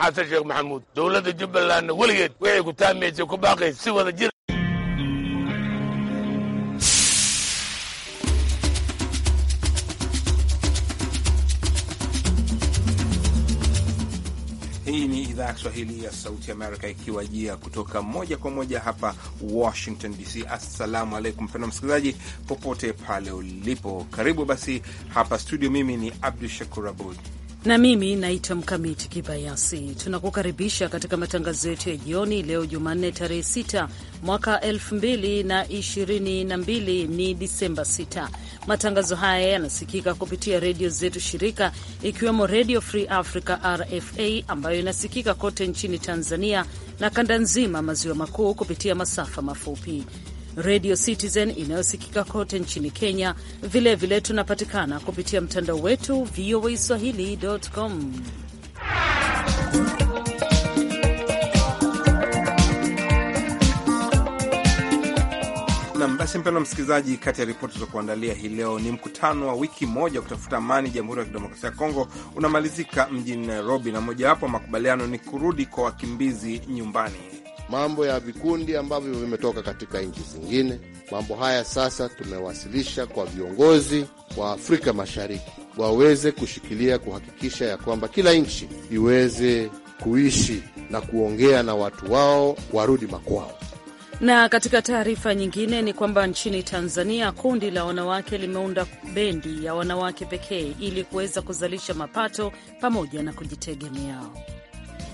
xasan sheekh maxamuud dowladda jubbaland weligeed waxay ku taamaysay ku baaqay si wada jir Hii ni idhaa ya Kiswahili ya Sauti Amerika ikiwajia kutoka moja kwa moja hapa Washington DC. Assalamu alaikum pena msikilizaji, popote pale ulipo, karibu basi hapa studio. Mimi ni Abdu Shakur Abud na mimi naitwa Mkamiti Kibayasi. Tunakukaribisha katika matangazo yetu ya jioni leo Jumanne, tarehe 6 mwaka 2022 ni Disemba 6. Matangazo haya yanasikika kupitia redio zetu shirika, ikiwemo Redio Free Africa RFA ambayo inasikika kote nchini Tanzania na kanda nzima maziwa makuu kupitia masafa mafupi Radio Citizen inayosikika kote nchini Kenya. Vilevile vile tunapatikana kupitia mtandao wetu VOA Swahili.com. Nam basi, mpendwa msikilizaji, kati ya ripoti za kuandalia hii leo ni mkutano wa wiki moja wa kutafuta amani Jamhuri ya Kidemokrasia ya Kongo unamalizika mjini Nairobi, na mojawapo makubaliano ni kurudi kwa wakimbizi nyumbani mambo ya vikundi ambavyo vimetoka katika nchi zingine. Mambo haya sasa tumewasilisha kwa viongozi wa Afrika Mashariki waweze kushikilia kuhakikisha ya kwamba kila nchi iweze kuishi na kuongea na watu wao warudi makwao. Na katika taarifa nyingine ni kwamba nchini Tanzania kundi la wanawake limeunda bendi ya wanawake pekee ili kuweza kuzalisha mapato pamoja na kujitegemea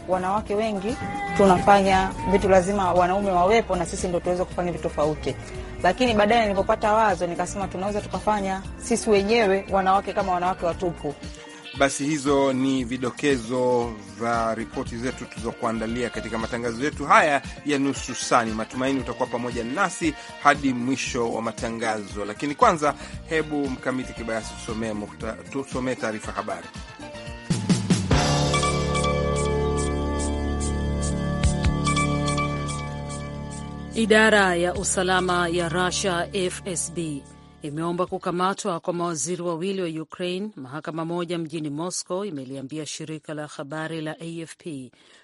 wanawake wengi tunafanya vitu, lazima wanaume wawepo na sisi ndo tuweze kufanya vitu tofauti. Lakini baadaye nilipopata wazo nikasema tunaweza tukafanya sisi wenyewe wanawake kama wanawake watupu. Basi hizo ni vidokezo vya ripoti zetu tulizokuandalia katika matangazo yetu haya ya nusu sani. Matumaini utakuwa pamoja nasi hadi mwisho wa matangazo, lakini kwanza, hebu Mkamiti Kibayasi tusomee taarifa habari. Idara ya usalama ya Russia FSB imeomba kukamatwa kwa mawaziri wawili wa Ukraine. Mahakama moja mjini Moscow imeliambia shirika la habari la AFP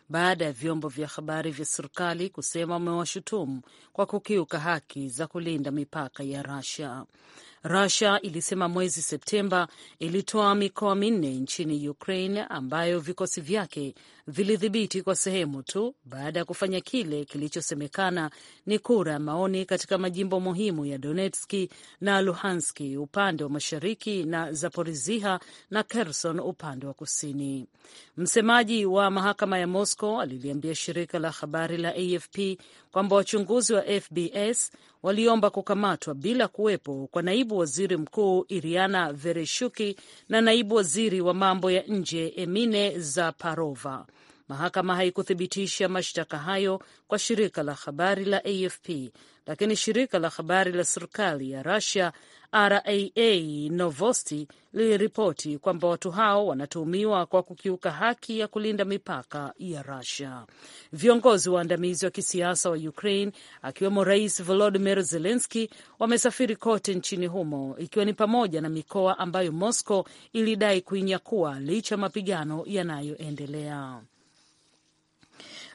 baada ya vyombo vya habari vya serikali kusema wamewashutumu kwa kukiuka haki za kulinda mipaka ya Russia. Russia ilisema mwezi Septemba ilitoa mikoa minne nchini Ukraine ambayo vikosi vyake vilidhibiti kwa sehemu tu baada ya kufanya kile kilichosemekana ni kura ya maoni katika majimbo muhimu ya Donetski na Luhanski upande wa mashariki na Zaporizhia na Kherson upande wa kusini. Msemaji wa mahakama ya Moscow aliliambia shirika la habari la AFP kwamba wachunguzi wa FBS waliomba kukamatwa bila kuwepo kwa naibu waziri mkuu Iriana Vereshuki na naibu waziri wa mambo ya nje Emine Zaparova. Mahakama haikuthibitisha mashtaka hayo kwa shirika la habari la AFP, lakini shirika la habari la serikali ya Rusia raa Novosti liliripoti kwamba watu hao wanatuhumiwa kwa kukiuka haki ya kulinda mipaka ya Rusia. Viongozi waandamizi wa kisiasa wa Ukraine akiwemo Rais volodimir zelenski wamesafiri kote nchini humo ikiwa ni pamoja na mikoa ambayo Moscow ilidai kuinyakua licha ya mapigano yanayoendelea.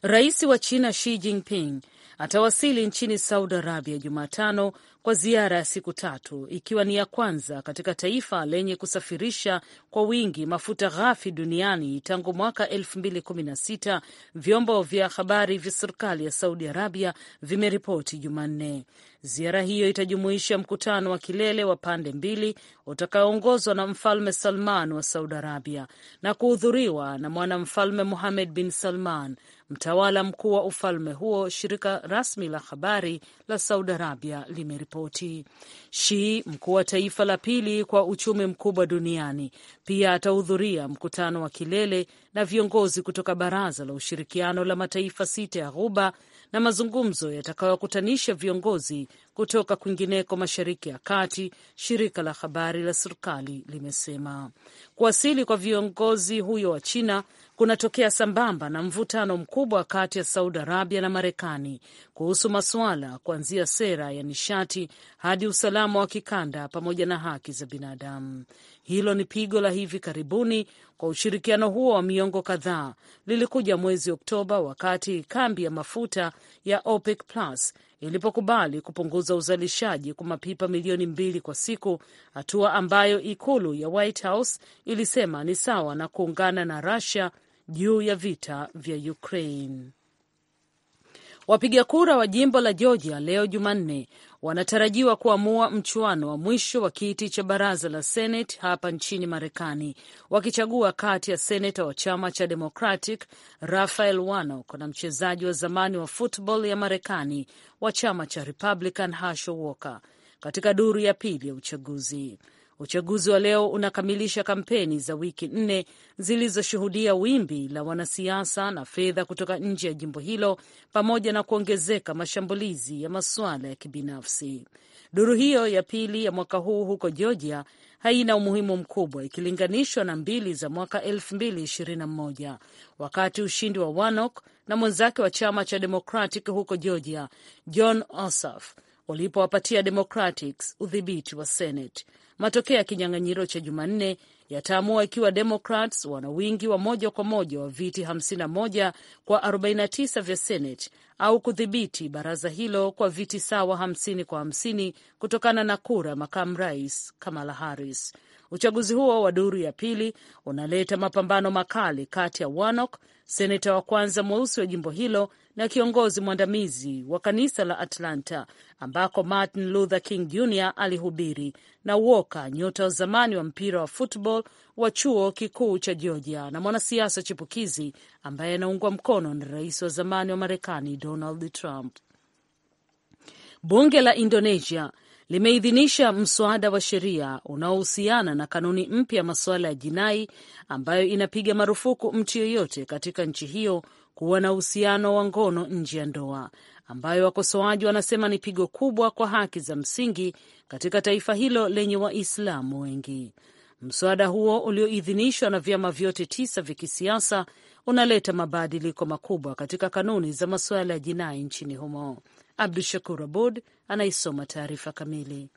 Rais wa China Xi Jinping atawasili nchini Saudi Arabia Jumatano kwa ziara ya siku tatu ikiwa ni ya kwanza katika taifa lenye kusafirisha kwa wingi mafuta ghafi duniani tangu mwaka 2016, vyombo vya habari vya serikali ya Saudi Arabia vimeripoti Jumanne. Ziara hiyo itajumuisha mkutano wa kilele wa pande mbili utakaoongozwa na Mfalme Salman wa Saudi Arabia na kuhudhuriwa na mwanamfalme muhamed bin Salman, mtawala mkuu wa ufalme huo, shirika rasmi la habari la Saudi Arabia limeripoti ripoti. Shi, mkuu wa taifa la pili kwa uchumi mkubwa duniani, pia atahudhuria mkutano wa kilele na viongozi kutoka Baraza la Ushirikiano la Mataifa sita ya Ghuba na mazungumzo yatakayokutanisha viongozi kutoka kwingineko Mashariki ya Kati, shirika la habari la serikali limesema. Kuwasili kwa viongozi huyo wa China kunatokea sambamba na mvutano mkubwa kati ya Saudi Arabia na Marekani kuhusu masuala kuanzia sera ya nishati hadi usalama wa kikanda pamoja na haki za binadamu. Hilo ni pigo la hivi karibuni kwa ushirikiano huo wa miongo kadhaa. Lilikuja mwezi Oktoba wakati kambi ya mafuta ya OPEC Plus ilipokubali kupunguza uzalishaji kwa mapipa milioni mbili kwa siku, hatua ambayo ikulu ya White House ilisema ni sawa na kuungana na Russia juu ya vita vya Ukraine. Wapiga kura wa jimbo la Georgia leo Jumanne wanatarajiwa kuamua mchuano wa mwisho wa kiti cha baraza la Senate hapa nchini Marekani, wakichagua kati ya seneta wa chama cha Democratic Raphael Warnock na mchezaji wa zamani wa football ya Marekani wa chama cha Republican Herschel Walker katika duru ya pili ya uchaguzi. Uchaguzi wa leo unakamilisha kampeni za wiki nne zilizoshuhudia wimbi la wanasiasa na fedha kutoka nje ya jimbo hilo pamoja na kuongezeka mashambulizi ya masuala ya kibinafsi. Duru hiyo ya pili ya mwaka huu huko Georgia haina umuhimu mkubwa ikilinganishwa na mbili za mwaka 2021 wakati ushindi wa Warnock na mwenzake wa chama cha Democratic huko Georgia, John Ossoff, walipowapatia Democrats udhibiti wa Senate. Matokeo ya kinyang'anyiro cha Jumanne yataamua ikiwa Democrats wana wingi wa moja kwa moja wa viti 51 kwa 49 vya Senate au kudhibiti baraza hilo kwa viti sawa 50 kwa 50 kutokana na kura makamu rais Kamala Harris. Uchaguzi huo wa duru ya pili unaleta mapambano makali kati ya Warnock, seneta wa kwanza mweusi wa jimbo hilo, na kiongozi mwandamizi wa kanisa la Atlanta ambako Martin Luther King Jr alihubiri na Walker, nyota wa zamani wa mpira wa football wa chuo kikuu cha Georgia na mwanasiasa chipukizi ambaye anaungwa mkono na rais wa zamani wa Marekani Donald Trump. Bunge la Indonesia limeidhinisha mswada wa sheria unaohusiana na kanuni mpya ya masuala ya jinai ambayo inapiga marufuku mtu yeyote katika nchi hiyo kuwa na uhusiano wa ngono nje ya ndoa, ambayo wakosoaji wanasema ni pigo kubwa kwa haki za msingi katika taifa hilo lenye Waislamu wengi. Mswada huo ulioidhinishwa na vyama vyote tisa vya kisiasa unaleta mabadiliko makubwa katika kanuni za masuala ya jinai nchini humo. Abdu Shakur Abud anaisoma taarifa kamili.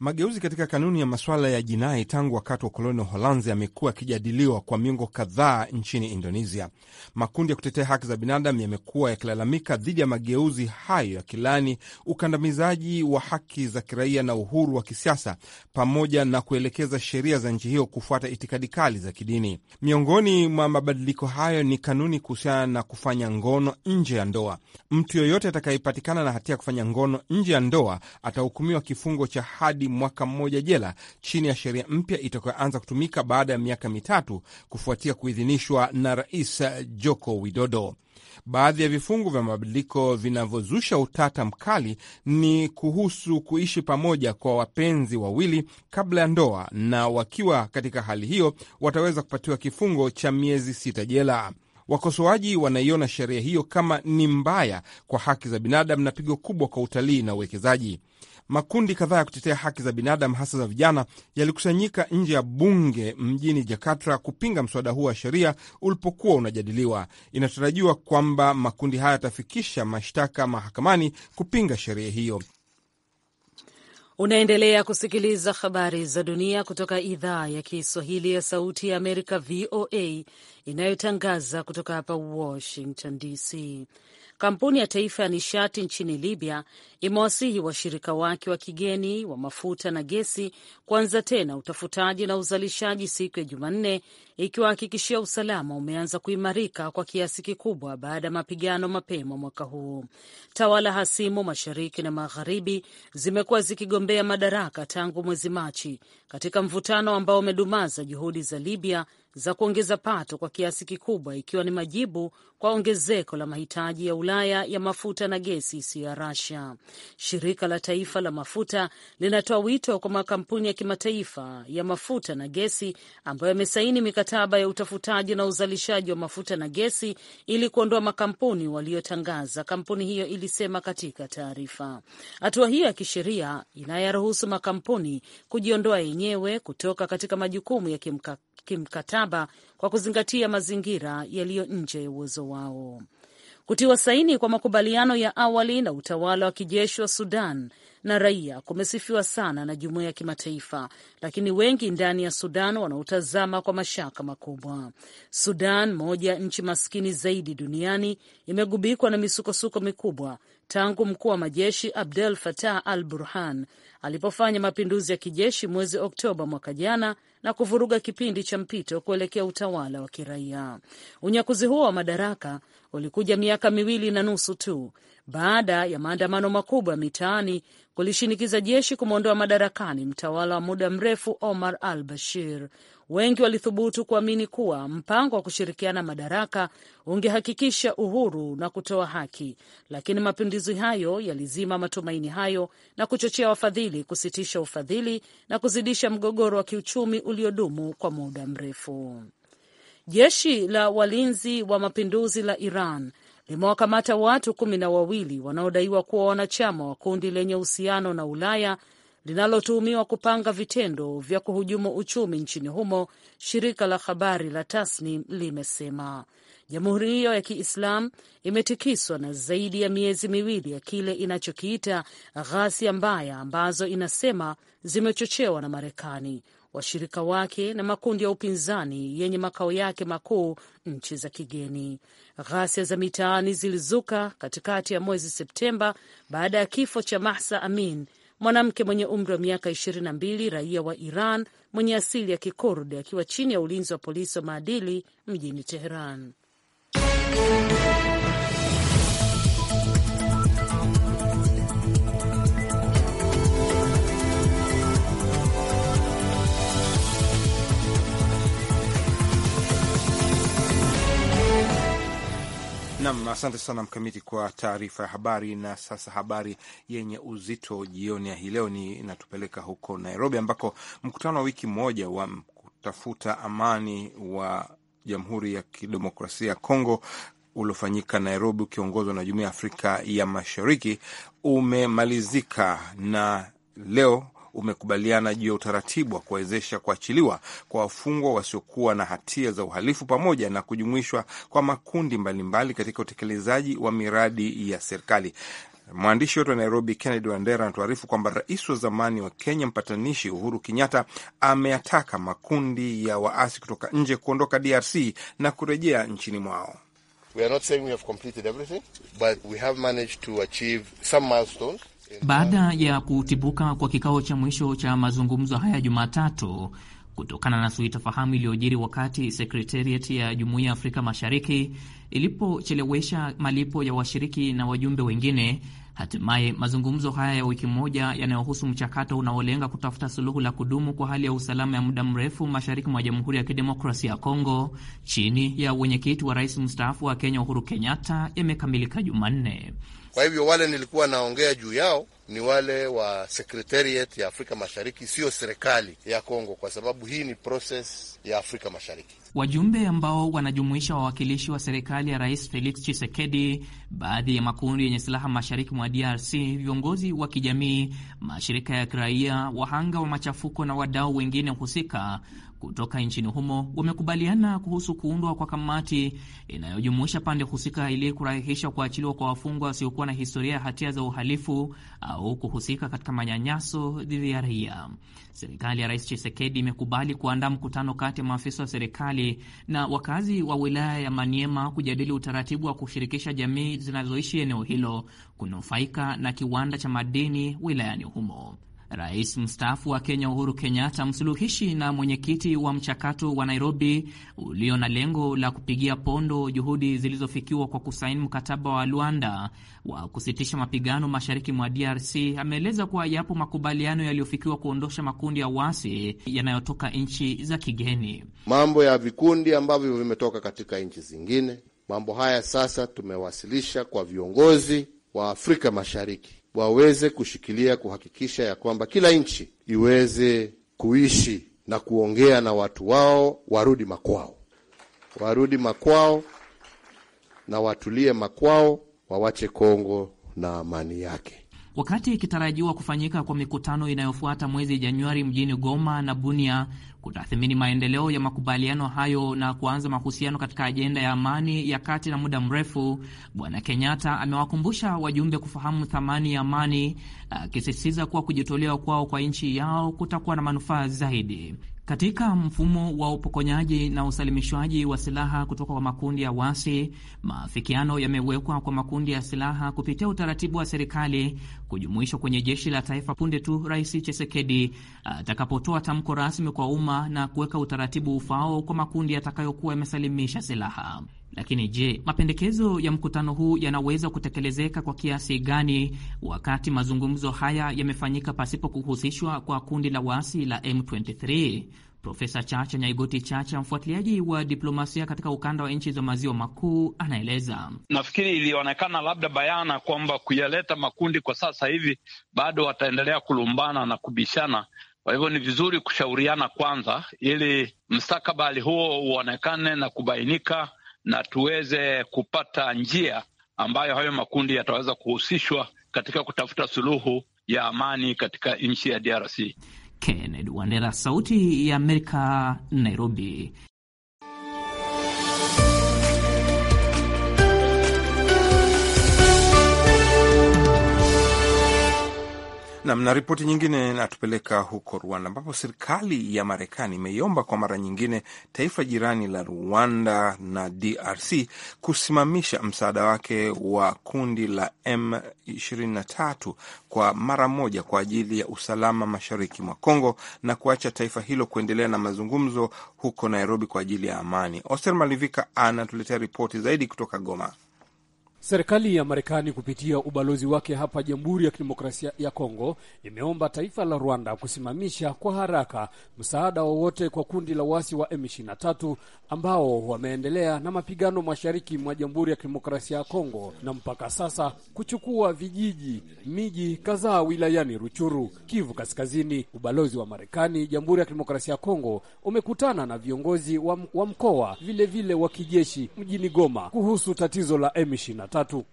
Mageuzi katika kanuni ya masuala ya jinai tangu wakati wa ukoloni wa Uholanzi yamekuwa yakijadiliwa kwa miongo kadhaa nchini Indonesia. Makundi ya kutetea haki za binadamu yamekuwa yakilalamika dhidi ya mageuzi hayo ya kilani ukandamizaji wa haki za kiraia na uhuru wa kisiasa, pamoja na kuelekeza sheria za nchi hiyo kufuata itikadi kali za kidini. Miongoni mwa mabadiliko hayo ni kanuni kuhusiana na kufanya ngono nje ya ndoa. Mtu yoyote atakayepatikana na hatia ya kufanya ngono nje ya ndoa atahukumiwa kifungo cha hadi mwaka mmoja jela chini ya sheria mpya itakayoanza kutumika baada ya miaka mitatu kufuatia kuidhinishwa na Rais Joko Widodo. Baadhi ya vifungu vya mabadiliko vinavyozusha utata mkali ni kuhusu kuishi pamoja kwa wapenzi wawili kabla ya ndoa, na wakiwa katika hali hiyo wataweza kupatiwa kifungo cha miezi sita jela. Wakosoaji wanaiona sheria hiyo kama ni mbaya kwa haki za binadamu na pigo kubwa kwa utalii na uwekezaji. Makundi kadhaa ya kutetea haki za binadamu hasa za vijana yalikusanyika nje ya bunge mjini Jakarta kupinga mswada huo wa sheria ulipokuwa unajadiliwa. Inatarajiwa kwamba makundi haya yatafikisha mashtaka mahakamani kupinga sheria hiyo. Unaendelea kusikiliza habari za dunia kutoka idhaa ya Kiswahili ya Sauti ya Amerika, VOA, inayotangaza kutoka hapa Washington DC kampuni ya taifa ya nishati nchini Libya imewasihi washirika wake wa kigeni wa mafuta na gesi kuanza tena utafutaji na uzalishaji siku ya Jumanne, ikiwahakikishia usalama umeanza kuimarika kwa kiasi kikubwa baada ya mapigano mapema mwaka huu. Tawala hasimu mashariki na magharibi zimekuwa zikigombea madaraka tangu mwezi Machi katika mvutano ambao umedumaza juhudi za Libya za kuongeza pato kwa kiasi kikubwa, ikiwa ni majibu kwa ongezeko la mahitaji ya Ulaya ya mafuta na gesi isiyo ya Russia. Shirika la Taifa la Mafuta linatoa wito kwa makampuni ya kimataifa ya mafuta na gesi ambayo yamesaini mikataba ya utafutaji na uzalishaji wa mafuta na gesi ili kuondoa makampuni waliyotangaza, kampuni hiyo ilisema katika taarifa. Hatua hiyo ya kisheria inayaruhusu makampuni kujiondoa yenyewe kutoka katika majukumu ya kimkakati kimkataba kwa kuzingatia mazingira yaliyo nje ya uwezo wao. Kutiwa saini kwa makubaliano ya awali na utawala wa kijeshi wa Sudan na raia kumesifiwa sana na jumuiya ya kimataifa, lakini wengi ndani ya Sudan wanaotazama kwa mashaka makubwa. Sudan, moja ya nchi maskini zaidi duniani, imegubikwa na misukosuko mikubwa tangu mkuu wa majeshi Abdel Fattah al Burhan alipofanya mapinduzi ya kijeshi mwezi Oktoba mwaka jana na kuvuruga kipindi cha mpito kuelekea utawala wa kiraia. Unyakuzi huo wa madaraka ulikuja miaka miwili na nusu tu baada ya maandamano makubwa ya mitaani kulishinikiza jeshi kumwondoa madarakani mtawala wa muda mrefu Omar al Bashir Wengi walithubutu kuamini kuwa mpango wa kushirikiana madaraka ungehakikisha uhuru na kutoa haki, lakini mapinduzi hayo yalizima matumaini hayo na kuchochea wafadhili kusitisha ufadhili na kuzidisha mgogoro wa kiuchumi uliodumu kwa muda mrefu. Jeshi la walinzi wa mapinduzi la Iran limewakamata watu kumi na wawili wanaodaiwa kuwa wanachama wa kundi lenye uhusiano na Ulaya linalotuhumiwa kupanga vitendo vya kuhujumu uchumi nchini humo, shirika la habari la Tasnim limesema. Jamhuri hiyo ya Kiislam imetikiswa na zaidi ya miezi miwili ya kile inachokiita ghasia mbaya ambazo inasema zimechochewa na Marekani, washirika wake na makundi ya upinzani yenye makao yake makuu nchi za kigeni. Ghasia za mitaani zilizuka katikati ya mwezi Septemba baada ya kifo cha Mahsa Amin, mwanamke mwenye umri wa miaka ishirini na mbili, raia wa Iran mwenye asili ya Kikurdi, akiwa chini ya ulinzi wa polisi wa maadili mjini Teheran. Nam, asante sana Mkamiti kwa taarifa ya habari. Na sasa habari yenye uzito jioni ya hii leo ni inatupeleka huko Nairobi, ambako mkutano wa wiki moja wa kutafuta amani wa Jamhuri ya Kidemokrasia ya Kongo uliofanyika Nairobi ukiongozwa na Jumuiya ya Afrika ya Mashariki umemalizika na leo umekubaliana juu ya utaratibu wa kuwezesha kuachiliwa kwa wafungwa wasiokuwa na hatia za uhalifu pamoja na kujumuishwa kwa makundi mbalimbali mbali katika utekelezaji wa miradi ya serikali. Mwandishi wetu wa Nairobi, Kennedy Wandera, anatuarifu kwamba rais wa zamani wa Kenya, mpatanishi Uhuru Kenyatta, ameyataka makundi ya waasi kutoka nje kuondoka DRC na kurejea nchini mwao. We are not saying we have completed everything, but we have managed to achieve some milestones. Baada ya kutibuka kwa kikao cha mwisho cha mazungumzo haya Jumatatu kutokana na fahamu iliyojiri wakati sekretariat ya Jumuiya ya Afrika Mashariki ilipochelewesha malipo ya washiriki na wajumbe wengine, hatimaye mazungumzo haya ya wiki moja yanayohusu mchakato unaolenga kutafuta suluhu la kudumu kwa hali ya usalama ya muda mrefu mashariki mwa Jamhuri ya Kidemokrasia ya Kongo chini ya wenyekiti wa rais mstaafu wa Kenya Uhuru Kenyatta yamekamilika Jumanne. Kwa hivyo wale nilikuwa naongea juu yao ni wale wa Secretariat ya Afrika Mashariki, siyo serikali ya Kongo, kwa sababu hii ni proses ya Afrika Mashariki. Wajumbe ambao wanajumuisha wawakilishi wa serikali ya Rais Felix Tshisekedi, baadhi ya makundi yenye silaha mashariki mwa DRC, viongozi wa kijamii, mashirika ya kiraia, wahanga wa machafuko na wadau wengine husika kutoka nchini humo wamekubaliana kuhusu kuundwa kwa kamati inayojumuisha pande husika ili kurahisisha kuachiliwa kwa wafungwa wasiokuwa na historia ya hatia za uhalifu au kuhusika katika manyanyaso dhidi ya raia. Serikali ya Rais Chisekedi imekubali kuandaa mkutano kati ya maafisa wa serikali na wakazi wa wilaya ya Maniema kujadili utaratibu wa kushirikisha jamii zinazoishi eneo hilo kunufaika na kiwanda cha madini wilayani humo. Rais mstaafu wa Kenya Uhuru Kenyatta, msuluhishi na mwenyekiti wa mchakato wa Nairobi ulio na lengo la kupigia pondo juhudi zilizofikiwa kwa kusaini mkataba wa Luanda wa kusitisha mapigano mashariki mwa DRC, ameeleza kuwa yapo makubaliano yaliyofikiwa kuondosha makundi ya uasi yanayotoka nchi za kigeni, mambo ya vikundi ambavyo vimetoka katika nchi zingine. Mambo haya sasa tumewasilisha kwa viongozi wa Afrika Mashariki waweze kushikilia kuhakikisha ya kwamba kila nchi iweze kuishi na kuongea na watu wao, warudi makwao, warudi makwao na watulie makwao, wawache Kongo na amani yake. Wakati ikitarajiwa kufanyika kwa mikutano inayofuata mwezi Januari mjini Goma na Bunia kutathmini maendeleo ya makubaliano hayo na kuanza mahusiano katika ajenda ya amani ya kati na muda mrefu, Bwana Kenyatta amewakumbusha wajumbe kufahamu thamani ya amani, akisisitiza kuwa kujitolewa kwao kwa nchi yao kutakuwa na manufaa zaidi. Katika mfumo wa upokonyaji na usalimishwaji wa silaha kutoka kwa makundi ya wasi, maafikiano yamewekwa kwa makundi ya silaha kupitia utaratibu wa serikali kujumuishwa kwenye jeshi la taifa punde tu Rais Chisekedi atakapotoa tamko rasmi kwa umma na kuweka utaratibu ufao kwa makundi yatakayokuwa yamesalimisha silaha. Lakini je, mapendekezo ya mkutano huu yanaweza kutekelezeka kwa kiasi gani wakati mazungumzo haya yamefanyika pasipo kuhusishwa kwa kundi la waasi la M23? Profesa Chacha Nyaigoti Chacha, mfuatiliaji wa diplomasia katika ukanda wa nchi za maziwa makuu, anaeleza. Nafikiri ilionekana labda bayana kwamba kuyaleta makundi kwa sasa hivi bado wataendelea kulumbana na kubishana. Kwa hivyo ni vizuri kushauriana kwanza, ili mstakabali huo uonekane na kubainika na tuweze kupata njia ambayo hayo makundi yataweza kuhusishwa katika kutafuta suluhu ya amani katika nchi ya DRC. Kennedy Wandera, Sauti ya Amerika, Nairobi. Nam na ripoti nyingine inatupeleka huko Rwanda, ambapo serikali ya Marekani imeiomba kwa mara nyingine taifa jirani la Rwanda na DRC kusimamisha msaada wake wa kundi la M23 kwa mara moja kwa ajili ya usalama mashariki mwa congo na kuacha taifa hilo kuendelea na mazungumzo huko Nairobi kwa ajili ya amani. Oster Malivika anatuletea ripoti zaidi kutoka Goma. Serikali ya Marekani kupitia ubalozi wake hapa Jamhuri ya Kidemokrasia ya Kongo imeomba taifa la Rwanda kusimamisha kwa haraka msaada wowote kwa kundi la wasi wa M23 ambao wameendelea na mapigano mashariki mwa Jamhuri ya Kidemokrasia ya Kongo na mpaka sasa kuchukua vijiji, miji kadhaa wilayani Ruchuru, Kivu Kaskazini. Ubalozi wa Marekani Jamhuri ya Kidemokrasia ya Kongo umekutana na viongozi wa, wa mkoa vilevile wa kijeshi mjini Goma kuhusu tatizo la M23 tatu.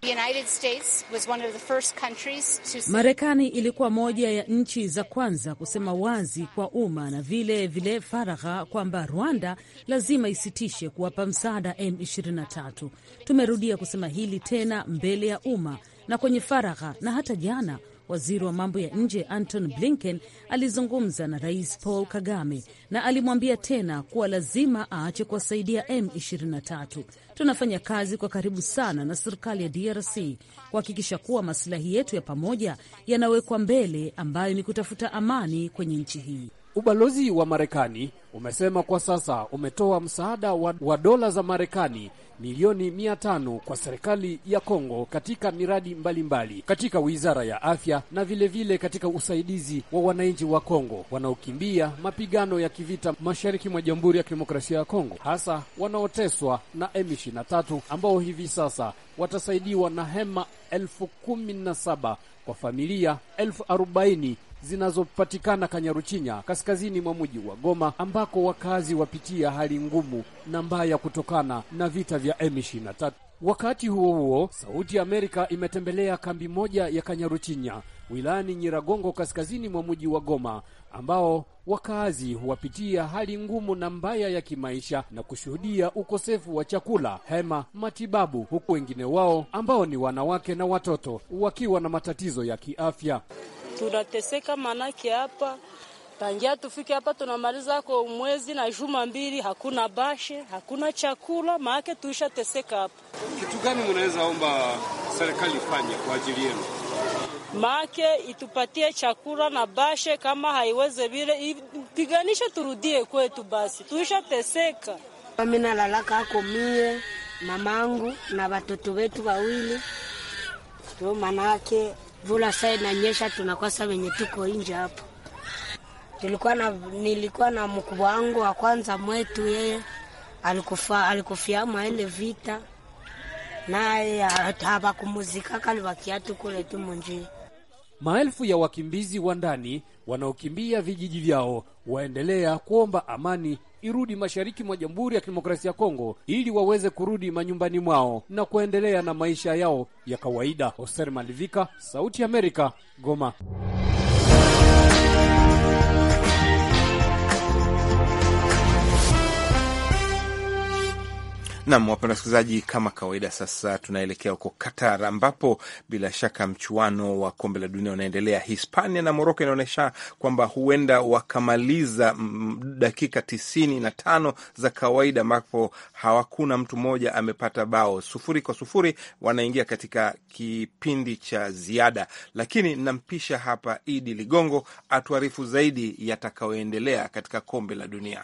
Marekani ilikuwa moja ya nchi za kwanza kusema wazi kwa umma na vile vile faragha kwamba Rwanda lazima isitishe kuwapa msaada M23. Tumerudia kusema hili tena mbele ya umma na kwenye faragha na hata jana Waziri wa mambo ya nje Anton Blinken alizungumza na Rais Paul Kagame na alimwambia tena kuwa lazima aache kuwasaidia M23. Tunafanya kazi kwa karibu sana na serikali ya DRC kuhakikisha kuwa masilahi yetu ya pamoja yanawekwa mbele, ambayo ni kutafuta amani kwenye nchi hii. Ubalozi wa Marekani umesema kwa sasa umetoa msaada wa, wa dola za Marekani milioni mia tano kwa serikali ya Kongo katika miradi mbalimbali mbali, katika wizara ya afya na vilevile vile katika usaidizi wa wananchi wa Kongo wanaokimbia mapigano ya kivita mashariki mwa Jamhuri ya Kidemokrasia ya Kongo, hasa wanaoteswa na M23 ambao hivi sasa watasaidiwa na hema elfu kumi na saba kwa familia elfu arobaini zinazopatikana Kanyaruchinya, kaskazini mwa mji wa Goma, ambako wakazi wapitia hali ngumu na mbaya kutokana na vita vya M23. Wakati huo huo, Sauti ya Amerika imetembelea kambi moja ya Kanyaruchinya wilayani Nyiragongo, kaskazini mwa mji wa Goma, ambao wakaazi huwapitia hali ngumu na mbaya ya kimaisha na kushuhudia ukosefu wa chakula, hema, matibabu, huku wengine wao ambao ni wanawake na watoto wakiwa na matatizo ya kiafya. Tunateseka maanake hapa Tangia tufike hapa tunamaliza kwa mwezi na juma mbili, hakuna bashe, hakuna chakula, maake tuisha teseka hapa. Kitu gani mnaweza omba serikali fanye kwa ajili yenu? Maake itupatie chakula na bashe, kama haiweze vile ipiganishe, turudie kwetu, basi tuisha teseka. Mimi nalalaka hako mie, mamangu na watoto wetu wawili tu, manake vula sai nanyesha, tunakosa wenye tuko inje hapa Nilikuwa na, nilikuwa na mkubwa wangu wa kwanza mwetu, yeye alikufa, alikufiama ile vita, naye hawakumuzikaka liwakiatu kule tu munji Maelfu ya wakimbizi wa ndani wanaokimbia vijiji vyao waendelea kuomba amani irudi mashariki mwa Jamhuri ya Kidemokrasia ya Kongo ili waweze kurudi manyumbani mwao na kuendelea na maisha yao ya kawaida. Hoser Malivika, Sauti ya Amerika, Goma. Nam, wapenda wasikilizaji, kama kawaida, sasa tunaelekea huko Qatar ambapo bila shaka mchuano wa kombe la dunia unaendelea. Hispania na Moroko inaonyesha kwamba huenda wakamaliza mm, dakika tisini na tano za kawaida, ambapo hawakuna mtu mmoja amepata bao, sufuri kwa sufuri, wanaingia katika kipindi cha ziada. Lakini nampisha hapa Idi Ligongo atuarifu zaidi yatakayoendelea katika kombe la dunia.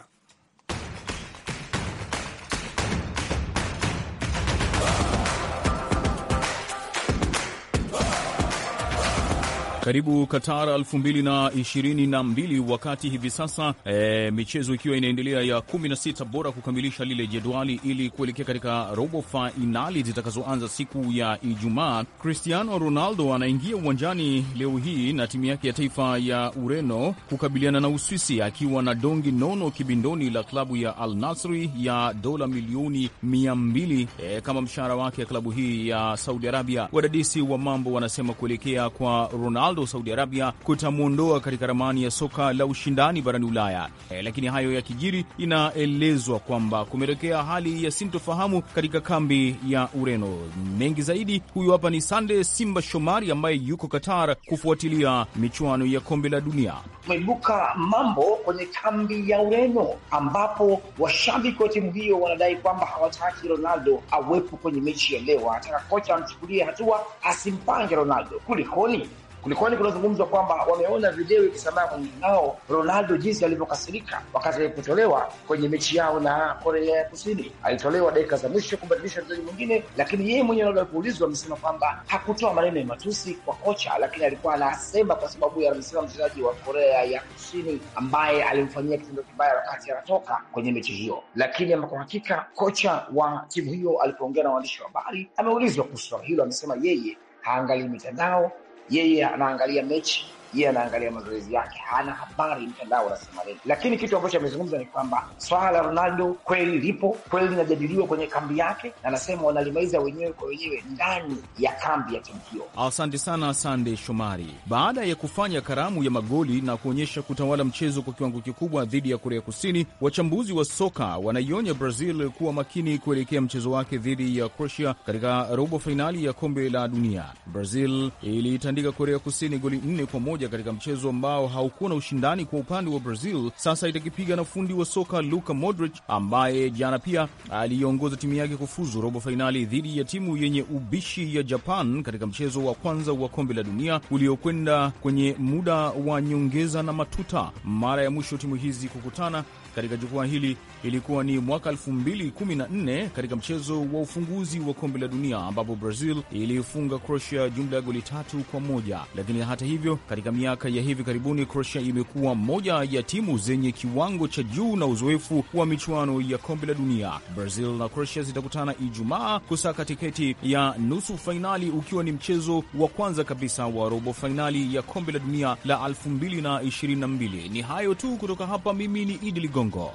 Karibu Qatar 2022 wakati hivi sasa e, michezo ikiwa inaendelea ya 16 bora kukamilisha lile jedwali ili kuelekea katika robo fainali zitakazoanza siku ya Ijumaa. Cristiano Ronaldo anaingia uwanjani leo hii na timu yake ya taifa ya Ureno kukabiliana na Uswisi akiwa na dongi nono kibindoni la klabu ya Al Nasri ya dola milioni 200 e, eh, kama mshahara wake ya klabu hii ya Saudi Arabia. Wadadisi wa mambo wanasema kuelekea kwa Ronaldo Ronaldo Saudi Arabia kutamwondoa katika ramani ya soka la ushindani barani Ulaya. E, lakini hayo ya kijiri, inaelezwa kwamba kumetokea hali ya sintofahamu katika kambi ya Ureno. Mengi zaidi, huyu hapa ni Sande Simba Shomari ambaye yuko Qatar kufuatilia michuano ya kombe la dunia. Umeibuka mambo kwenye kambi ya Ureno ambapo washabiki wa timu hiyo wanadai kwamba hawataki Ronaldo awepo kwenye mechi ya leo, anataka kocha amchukulie hatua asimpange Ronaldo. Kulikoni? Kulikoni kunazungumzwa kwamba wameona video ikisambaa kwenye nao Ronaldo jinsi alivyokasirika wakati alipotolewa kwenye mechi yao na Korea ya Kusini. Alitolewa dakika za mwisho kubadilisha mchezaji mwingine, lakini yeye mwenyewe alipoulizwa amesema kwamba hakutoa maneno ya matusi kwa kocha, lakini alikuwa anasema kwa sababu amesema mchezaji wa Korea ya Kusini ambaye alimfanyia kitendo kibaya wakati anatoka kwenye mechi hiyo. Lakini ama kwa hakika kocha wa timu hiyo alipoongea na waandishi wa habari ameulizwa kuhusu hilo, amesema yeye haangalii mitandao yeye anaangalia mechi yeye anaangalia mazoezi yake, hana habari mtandao unasema nini. Lakini kitu ambacho amezungumza ni kwamba swala la Ronaldo kweli lipo kweli linajadiliwa kwenye kambi yake, na anasema wanalimaliza wenyewe kwa wenyewe ndani ya kambi ya timu hiyo. Asante sana Sande Shomari. Baada ya kufanya karamu ya magoli na kuonyesha kutawala mchezo kwa kiwango kikubwa dhidi ya Korea Kusini, wachambuzi wa soka wanaionya Brazil kuwa makini kuelekea mchezo wake dhidi ya Croatia katika robo fainali ya kombe la dunia. Brazil iliitandika Korea Kusini goli nne kwa moja moja katika mchezo ambao haukuwa na ushindani kwa upande wa Brazil. Sasa itakipiga na fundi wa soka Luka Modric ambaye jana pia aliiongoza timu yake kufuzu robo fainali dhidi ya timu yenye ubishi ya Japan katika mchezo wa kwanza wa kombe la dunia uliokwenda kwenye muda wa nyongeza na matuta. Mara ya mwisho timu hizi kukutana katika jukwaa hili ilikuwa ni mwaka 2014 katika mchezo wa ufunguzi wa kombe la dunia ambapo Brazil iliifunga Croatia jumla ya goli tatu kwa moja. Lakini hata hivyo, katika miaka ya hivi karibuni Croatia imekuwa moja ya timu zenye kiwango cha juu na uzoefu wa michuano ya kombe la dunia. Brazil na Croatia zitakutana Ijumaa kusaka tiketi ya nusu fainali, ukiwa ni mchezo wa kwanza kabisa wa robo fainali ya kombe la dunia la 2022. Ni hayo tu kutoka hapa, mimi ni Idi Ligongo.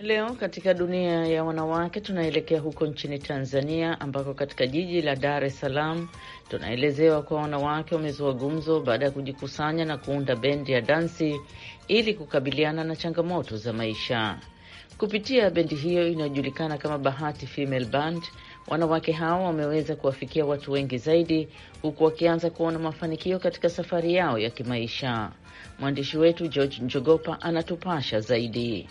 Leo katika dunia ya wanawake tunaelekea huko nchini Tanzania, ambako katika jiji la Dar es Salaam tunaelezewa kuwa wanawake wamezua gumzo baada ya kujikusanya na kuunda bendi ya dansi ili kukabiliana na changamoto za maisha. Kupitia bendi hiyo inayojulikana kama Bahati Female Band, wanawake hao wameweza kuwafikia watu wengi zaidi, huku wakianza kuona mafanikio katika safari yao ya kimaisha. Mwandishi wetu George Njogopa anatupasha zaidi.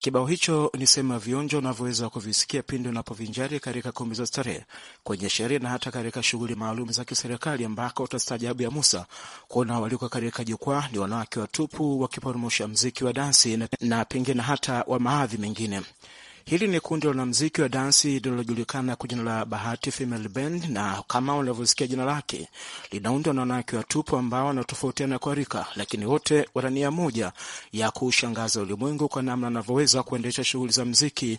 Kibao hicho ni sehemu ya vionjo unavyoweza kuvisikia pindi unapovinjari katika kumbi za starehe, kwenye sherehe na hata katika shughuli maalum za kiserikali, ambako utastaajabu ya Musa kuona waliko katika jukwaa ni wanawake watupu wakiporomosha mziki wa dansi na pengine hata wa maadhi mengine. Hili ni kundi la wanamziki wa dansi lililojulikana kwa jina la Bahati Female Band, na kama unavyosikia jina lake, linaundwa na wanawake watupu ambao wanatofautiana kwa rika, lakini wote wana nia moja ya kuushangaza ulimwengu kwa namna wanavyoweza kuendesha shughuli za mziki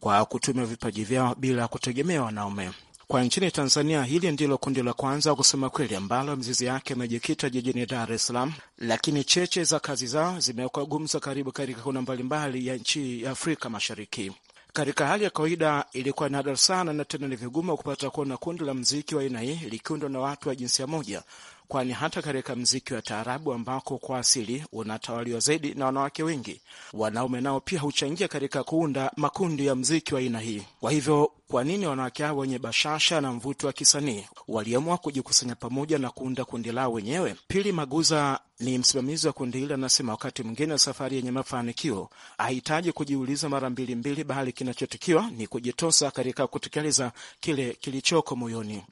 kwa kutumia vipaji vyao bila kutegemea wanaume. Kwa nchini Tanzania, hili ndilo kundi la kwanza kusema kweli ambalo mizizi yake imejikita jijini Dar es Salaam, lakini cheche za kazi zao zimewekwa gumza karibu katika kona mbalimbali ya nchi ya Afrika Mashariki. Katika hali ya kawaida ilikuwa nadra sana na tena ni vigumu kupata kuona kundi la mziki wa aina hii likiundwa na watu wa jinsia moja kwani hata katika mziki wa taarabu ambako kwa asili unatawaliwa zaidi na wanawake wengi, wanaume nao pia huchangia katika kuunda makundi ya mziki wa aina hii. Kwa hivyo, kwa nini wanawake hao wenye bashasha na mvuto wa kisanii waliamua kujikusanya pamoja na kuunda kundi lao wenyewe? Pili Maguza ni msimamizi wa kundi hili, anasema wakati mwingine safari yenye mafanikio hahitaji kujiuliza mara mbili mbili, bali kinachotakiwa ni kujitosa katika kutekeleza kile kilichoko moyoni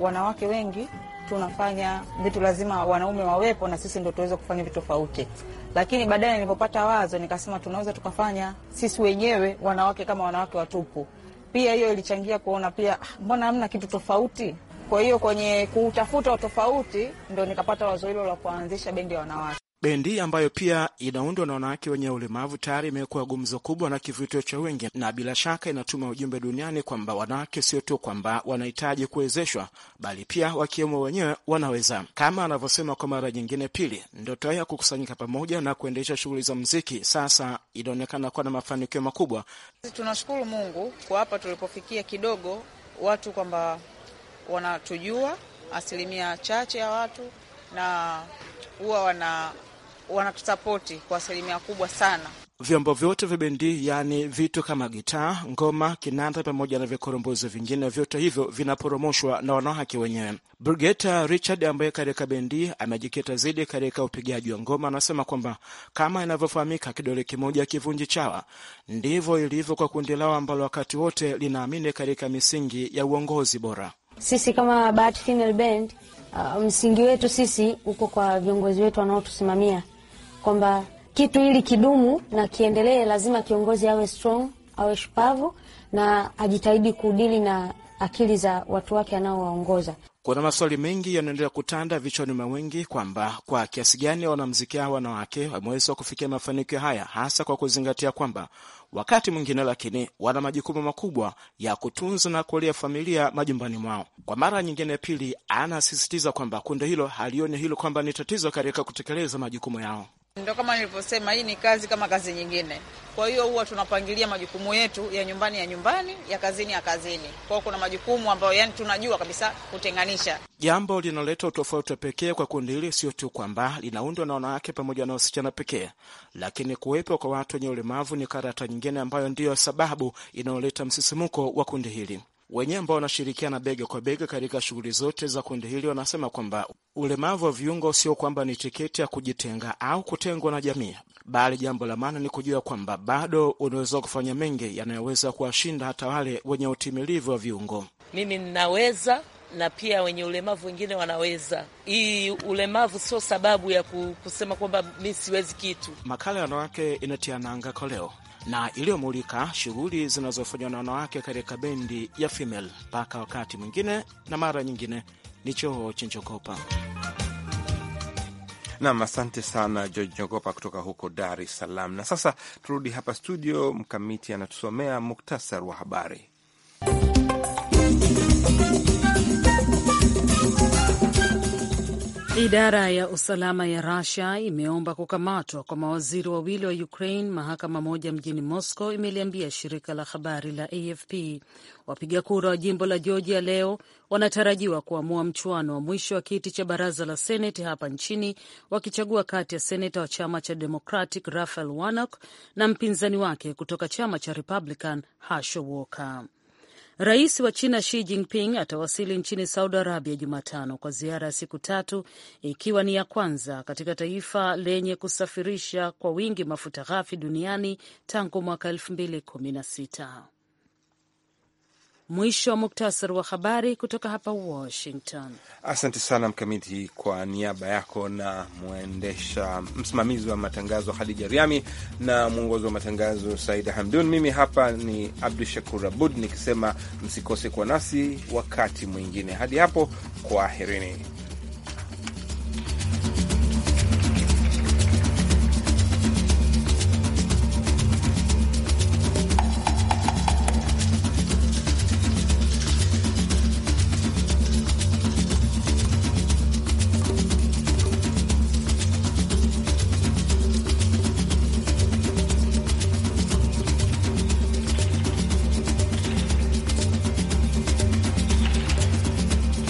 wanawake wengi tunafanya vitu lazima wanaume wawepo na sisi ndo tuweze kufanya vitu tofauti, lakini baadaye nilipopata wazo nikasema tunaweza tukafanya sisi wenyewe wanawake kama wanawake watupu. Pia hiyo ilichangia kuona pia ah, mbona hamna kitu tofauti. Kwa hiyo kwenye kutafuta utofauti ndo nikapata wazo hilo la kuanzisha bendi ya wanawake. Bendi ambayo pia inaundwa na wanawake wenye ulemavu tayari imekuwa gumzo kubwa na kivutio cha wengi, na bila shaka inatuma ujumbe duniani kwamba wanawake sio tu kwamba wanahitaji kuwezeshwa, bali pia wakiwemo wenyewe wanaweza, kama anavyosema kwa mara nyingine pili, ndoto ya kukusanyika pamoja na kuendesha shughuli za mziki sasa inaonekana kuwa na mafanikio makubwa. tunashukuru Mungu kwa hapa tulipofikia, kidogo watu kwamba wanatujua, asilimia chache ya watu na huwa wana wanatusapoti kwa asilimia kubwa sana. Vyombo vyote vya bendi, yaani vitu kama gitaa, ngoma, kinanda pamoja na vikorombozi vingine, vyote hivyo vinaporomoshwa na wanawake wenyewe. Brigeta Richard ambaye katika bendi amejikita zaidi katika upigaji wa ngoma, anasema kwamba kama inavyofahamika, kidole kimoja kivunji chawa, ndivyo ilivyo kwa kundi lao ambalo wakati wote linaamini katika misingi ya uongozi bora. Sisi kama Bahati Female Band, uh, msingi wetu sisi uko kwa viongozi wetu wanaotusimamia kwamba kitu hili kidumu na kiendelee, lazima kiongozi awe strong, awe shupavu na ajitahidi kudili na akili za watu wake anaowaongoza. Kuna maswali mengi yanaendelea kutanda vichwani mwa wengi kwamba kwa kiasi gani wanamziki hawa wanawake wameweza kufikia mafanikio haya, hasa kwa kuzingatia kwamba wakati mwingine lakini wana majukumu makubwa ya kutunza na kulea familia majumbani mwao. Kwa mara nyingine pili, anasisitiza kwamba kundi hilo halioni hilo kwamba ni tatizo katika kutekeleza majukumu yao. Ndo kama nilivyosema, hii ni kazi kama kazi nyingine. Kwa hiyo huwa tunapangilia majukumu yetu ya nyumbani ya nyumbani, ya kazini ya kazini. Kwa hiyo kuna majukumu ambayo yani tunajua kabisa kutenganisha, jambo linaloleta utofauti wa pekee kwa kundi hili. Sio tu kwamba linaundwa na wanawake pamoja na wasichana pekee, lakini kuwepo kwa watu wenye ulemavu ni karata nyingine ambayo ndiyo sababu inayoleta msisimuko wa kundi hili. Wenyewe ambao wanashirikiana bega kwa bega katika shughuli zote za kundi hili wanasema kwamba ulemavu wa viungo sio kwamba ni tiketi ya kujitenga au kutengwa na jamii, bali jambo la maana ni kujua kwamba bado unaweza kufanya mengi yanayoweza kuwashinda hata wale wenye utimilivu wa viungo. Mimi ninaweza na pia wenye ulemavu wengine wanaweza. Hii ulemavu sio sababu ya kusema kwamba mi siwezi kitu. Makala ya wanawake inatia nanga kwa leo na iliyomulika shughuli zinazofanywa na wanawake katika bendi ya Female. Mpaka wakati mwingine na mara nyingine, ni choo chinchokopa. Nam, asante sana George Nyogopa kutoka huko Dar es Salaam. Na sasa turudi hapa studio, Mkamiti anatusomea muktasar wa habari. Idara ya usalama ya rusia imeomba kukamatwa kwa mawaziri wawili wa Ukraine, mahakama moja mjini Moscow imeliambia shirika la habari la AFP. Wapiga kura wa jimbo la Georgia leo wanatarajiwa kuamua mchuano wa mwisho wa kiti cha baraza la Seneti hapa nchini, wakichagua kati ya seneta wa chama cha Democratic Raphael Warnock na mpinzani wake kutoka chama cha Republican Herschel Walker. Rais wa China Xi Jinping atawasili nchini Saudi Arabia Jumatano kwa ziara ya siku tatu, ikiwa ni ya kwanza katika taifa lenye kusafirisha kwa wingi mafuta ghafi duniani tangu mwaka 2016. Mwisho wa muktasari wa habari kutoka hapa Washington. Asante sana Mkamiti, kwa niaba yako na mwendesha msimamizi wa matangazo khadija Riami na mwongozi wa matangazo Saida Hamdun. Mimi hapa ni Abdu Shakur Abud nikisema msikose kuwa nasi wakati mwingine. Hadi hapo, kwa herini.